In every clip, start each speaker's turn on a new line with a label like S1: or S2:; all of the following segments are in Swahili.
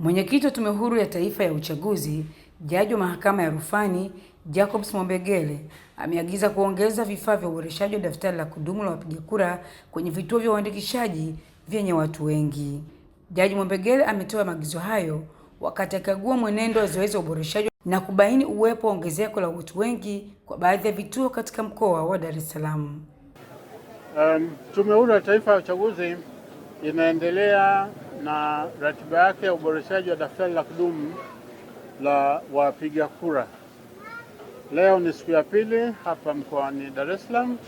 S1: Mwenyekiti wa Tume Huru ya Taifa ya Uchaguzi, Jaji wa Mahakama ya Rufani Jacobs Mwambegele ameagiza kuongeza vifaa vya uboreshaji wa daftari la kudumu la wapiga kura kwenye vituo vya uandikishaji vyenye watu wengi. Jaji Mwambegele ametoa maagizo hayo wakati akagua mwenendo wa zoezi la uboreshaji na kubaini uwepo wa ongezeko la watu wengi kwa baadhi ya vituo katika mkoa wa Dar es Salaam.
S2: Um, Tume Huru ya Taifa ya Uchaguzi inaendelea na ratiba yake ya uboreshaji wa daftari la kudumu la wapiga kura. Leo ni siku ya pili hapa mkoani Dar es Salaam.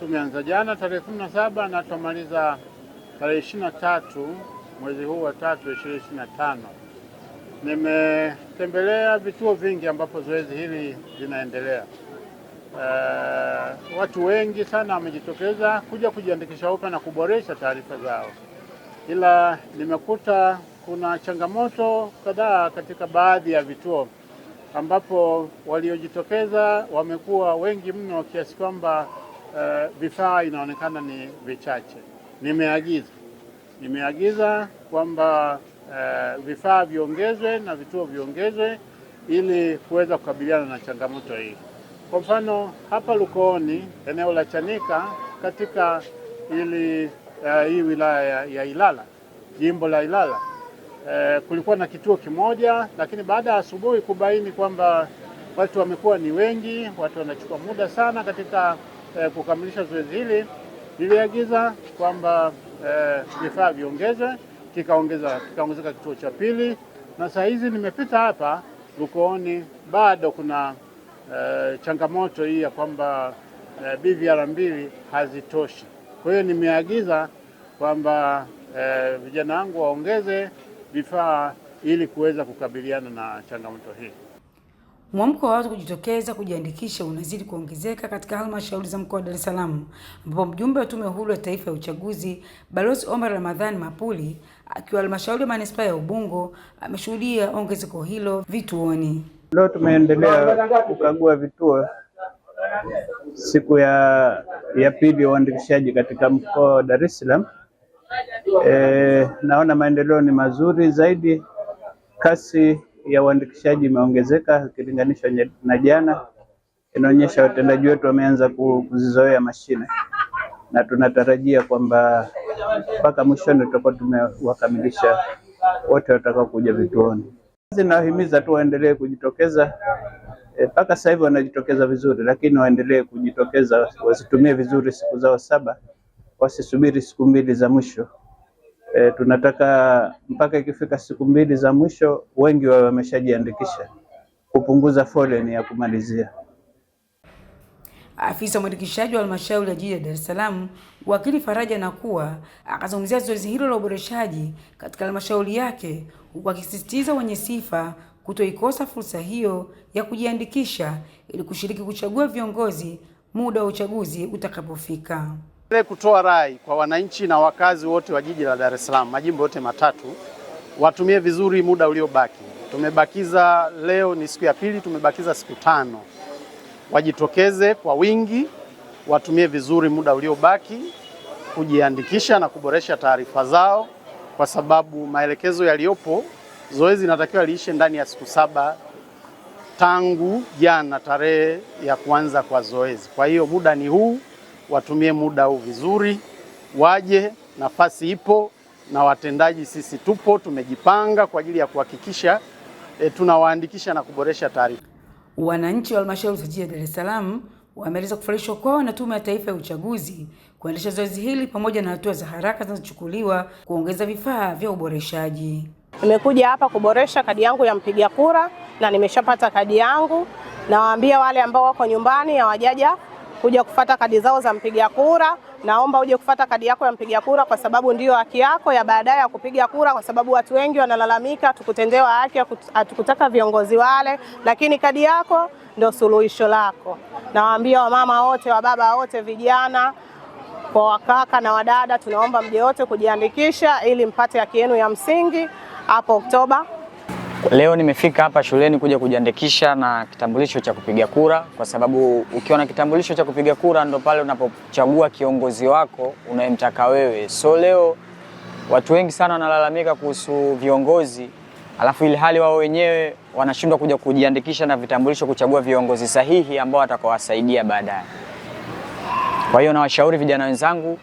S2: Tumeanza jana tarehe 17 na tumaliza tarehe 23 mwezi huu wa tatu 2025. Nimetembelea vituo vingi ambapo zoezi hili linaendelea uh, watu wengi sana wamejitokeza kuja kujiandikisha upya na kuboresha taarifa zao, ila nimekuta kuna changamoto kadhaa katika baadhi ya vituo ambapo waliojitokeza wamekuwa wengi mno kiasi kwamba uh, vifaa inaonekana ni vichache. Nimeagiza nimeagiza kwamba uh, vifaa viongezwe na vituo viongezwe ili kuweza kukabiliana na changamoto hii. Kwa mfano hapa Lukooni, eneo la Chanika katika ili uh, hii wilaya ya, ya Ilala, jimbo la Ilala uh, kulikuwa na kituo kimoja, lakini baada ya asubuhi kubaini kwamba watu wamekuwa ni wengi, watu wanachukua muda sana katika uh, kukamilisha zoezi hili, niliagiza kwamba vifaa uh, viongezwe, kikaongeza kikaongezeka kituo cha pili, na saa hizi nimepita hapa Lukooni bado kuna Eh, changamoto hii ya kwamba uh, eh, BVR mbili hazitoshi. Kwa hiyo nimeagiza kwamba eh, vijana wangu waongeze vifaa ili kuweza kukabiliana na changamoto hii.
S1: Mwamko wa watu kujitokeza kujiandikisha unazidi kuongezeka katika halmashauri za mkoa wa Dar es Salaam, ambapo mjumbe wa Tume Huru ya Taifa ya Uchaguzi Balozi Omar Ramadhani Mapuli akiwa halmashauri ya manispaa ya Ubungo ameshuhudia ongezeko hilo vituoni.
S3: Leo tumeendelea kukagua vituo siku ya, ya pili ya uandikishaji katika mkoa wa Dar es Salaam. E, naona maendeleo ni mazuri zaidi. Kasi ya uandikishaji imeongezeka ikilinganishwa na jana, inaonyesha watendaji wetu wameanza kuzizoea mashine na tunatarajia kwamba mpaka mwishoni tutakuwa tumewakamilisha wote watakao kuja vituoni. Zinawahimiza tu waendelee kujitokeza eh, mpaka e, sasa hivi wanajitokeza vizuri, lakini waendelee kujitokeza, wazitumie vizuri siku zao saba, wasisubiri siku mbili za mwisho. E, tunataka mpaka ikifika siku mbili za mwisho wengi wawe wameshajiandikisha kupunguza foleni ya kumalizia.
S1: Afisa mwandikishaji wa halmashauri ya jiji la Dar es Salaam wakili Faraja Nakuwa akazungumzia zoezi hilo la uboreshaji katika halmashauri yake, huku akisisitiza wenye sifa kutoikosa fursa hiyo ya kujiandikisha ili kushiriki kuchagua viongozi muda wa uchaguzi utakapofika.
S4: Kutoa rai kwa wananchi na wakazi wote wa jiji la Dar es Salaam, majimbo yote matatu, watumie vizuri muda uliobaki. Tumebakiza, leo ni siku ya pili, tumebakiza siku tano wajitokeze kwa wingi, watumie vizuri muda uliobaki kujiandikisha na kuboresha taarifa zao, kwa sababu maelekezo yaliyopo, zoezi linatakiwa liishe ndani ya siku saba tangu jana tarehe ya kuanza kwa zoezi. Kwa hiyo muda ni huu, watumie muda huu vizuri, waje, nafasi ipo na watendaji sisi tupo, tumejipanga kwa ajili ya kuhakikisha e, tunawaandikisha na kuboresha taarifa.
S1: Wananchi wa halmashauri ya jiji la Dar es Salaam wameeleza kufurahishwa kwao na Tume ya Taifa ya Uchaguzi kuendesha zoezi hili pamoja na hatua za haraka zinazochukuliwa kuongeza vifaa vya uboreshaji.
S5: Nimekuja hapa kuboresha kadi yangu ya mpiga kura na nimeshapata kadi yangu. Nawaambia wale ambao wako nyumbani hawajaja kuja kufata kadi zao za mpiga kura naomba uje kufata kadi yako ya mpiga kura, kwa sababu ndiyo haki yako ya baadaye ya kupiga kura, kwa sababu watu wengi wanalalamika, tukutendewa haki, hatukutaka viongozi wale, lakini kadi yako ndio suluhisho lako. Nawaambia wamama wote, wababa wote, vijana kwa wakaka na wadada, tunaomba mje wote kujiandikisha ili mpate haki yenu ya msingi hapo Oktoba
S6: Leo nimefika hapa shuleni kuja kujiandikisha na kitambulisho cha kupiga kura, kwa sababu ukiwa na kitambulisho cha kupiga kura ndo pale unapochagua kiongozi wako unayemtaka wewe. So leo watu wengi sana wanalalamika kuhusu viongozi, alafu ili hali wao wenyewe wanashindwa kuja kujiandikisha na vitambulisho kuchagua viongozi sahihi ambao watakowasaidia baadaye. Kwa hiyo nawashauri vijana wenzangu,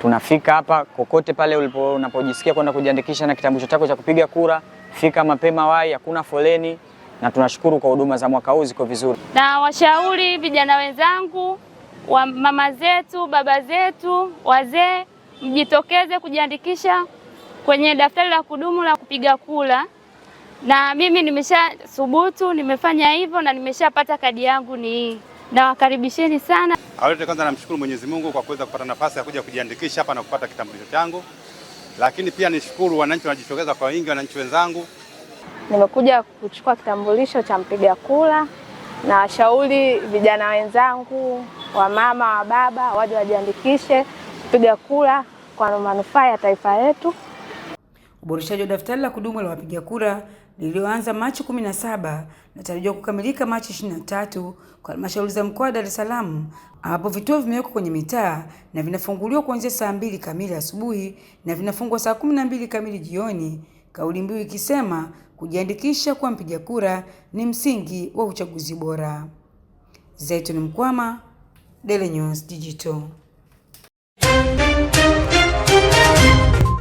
S6: tunafika hapa kokote pale ulipo unapojisikia kwenda kujiandikisha na kitambulisho chako cha kupiga kura fika mapema wai, hakuna foleni, na tunashukuru kwa huduma za mwaka huu ziko vizuri.
S7: Na washauri vijana wenzangu wa mama zetu, baba zetu, wazee, mjitokeze kujiandikisha kwenye daftari la kudumu la kupiga kula na mimi nimesha thubutu, nimefanya hivyo na nimeshapata kadi yangu ni hii. Nawakaribisheni sana.
S8: Awali kwanza namshukuru Mwenyezi Mungu kwa kuweza kupata nafasi ya kuja kujiandikisha hapa na kupata kitambulisho changu lakini pia nishukuru wananchi wanajitokeza kwa wingi, wananchi wenzangu.
S9: Nimekuja kuchukua kitambulisho cha mpiga kura na washauri vijana wenzangu, wamama, wa baba waje wajiandikishe kupiga kura kwa manufaa ya taifa letu.
S1: Uboreshaji wa daftari la kudumu la wapiga kura lililoanza Machi 17 natarajiwa kukamilika Machi 23 kwa halmashauri za mkoa wa Dar es Salaam ambapo vituo vimewekwa kwenye mitaa na vinafunguliwa kuanzia saa mbili kamili asubuhi na vinafungwa saa 12 kamili jioni, kauli mbiu ikisema kujiandikisha kuwa mpiga kura ni msingi wa uchaguzi bora. Zaituni Mkwama, Daily News Digital.